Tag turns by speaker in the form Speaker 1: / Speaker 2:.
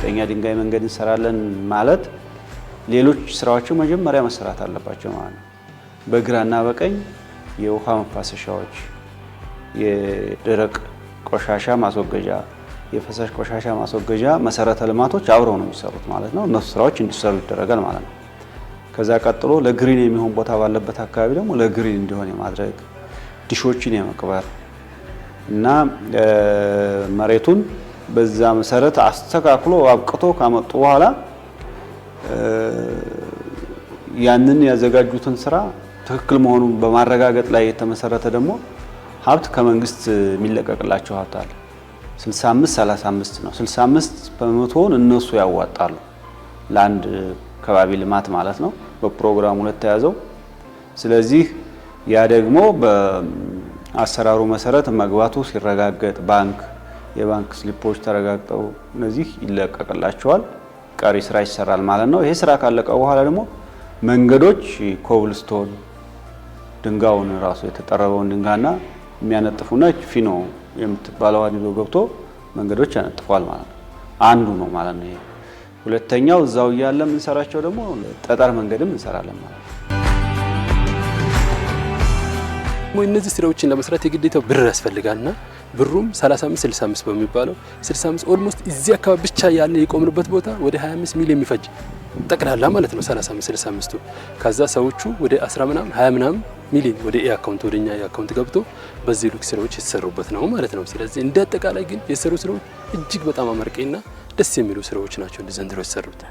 Speaker 1: ዘጠኛ ድንጋይ መንገድ እንሰራለን ማለት ሌሎች ስራዎቹ መጀመሪያ መሰራት አለባቸው ማለት ነው። በግራና በቀኝ የውሃ መፋሰሻዎች፣ የደረቅ ቆሻሻ ማስወገጃ፣ የፈሳሽ ቆሻሻ ማስወገጃ መሰረተ ልማቶች አብረው ነው የሚሰሩት ማለት ነው። እነሱ ስራዎች እንዲሰሩ ይደረጋል ማለት ነው። ከዛ ቀጥሎ ለግሪን የሚሆን ቦታ ባለበት አካባቢ ደግሞ ለግሪን እንዲሆን የማድረግ ዲሾችን የመቅበር እና መሬቱን በዛ መሰረት አስተካክሎ አብቅቶ ካመጡ በኋላ ያንን ያዘጋጁትን ስራ ትክክል መሆኑን በማረጋገጥ ላይ የተመሰረተ ደግሞ ሀብት ከመንግስት የሚለቀቅላቸው ሀብት አለ። 65 35 ነው። 65 በመቶውን እነሱ ያዋጣሉ ለአንድ ከባቢ ልማት ማለት ነው በፕሮግራሙ ለተያዘው። ስለዚህ ያ ደግሞ በአሰራሩ መሰረት መግባቱ ሲረጋገጥ ባንክ የባንክ ስሊፖች ተረጋግጠው እነዚህ ይለቀቅላቸዋል። ቀሪ ስራ ይሰራል ማለት ነው። ይሄ ስራ ካለቀ በኋላ ደግሞ መንገዶች ኮብልስቶን ድንጋዩን ራሱ የተጠረበውን ድንጋይና የሚያነጥፉና ፊኖ የምትባለው ይዞ ገብቶ መንገዶች ያነጥፏል ማለት ነው። አንዱ ነው ማለት ነው። ሁለተኛው እዛው እያለ የምንሰራቸው ደግሞ ጠጠር መንገድም እንሰራለን ማለት ነው።
Speaker 2: ደግሞ እነዚህ ስራዎችን ለመስራት የግዴታው ብር ያስፈልጋልና ብሩም 35 65 በሚባለው 65 ኦልሞስት እዚህ አካባቢ ብቻ ያለ የቆምንበት ቦታ ወደ 25 ሚሊዮን የሚፈጅ ጠቅላላ ማለት ነው 35 65ቱ ከዛ ሰዎቹ ወደ 10 ምናምን 20 ምናምን ሚሊዮን ወደ ኤ አካውንት ወደ እኛ አካውንት ገብቶ በዚህ ሉክ ስራዎች የተሰሩበት ነው ማለት ነው። ስለዚህ እንደ አጠቃላይ ግን የሰሩ ስራዎች እጅግ በጣም አመርቄና ደስ የሚሉ ስራዎች ናቸው ዘንድሮ የተሰሩት።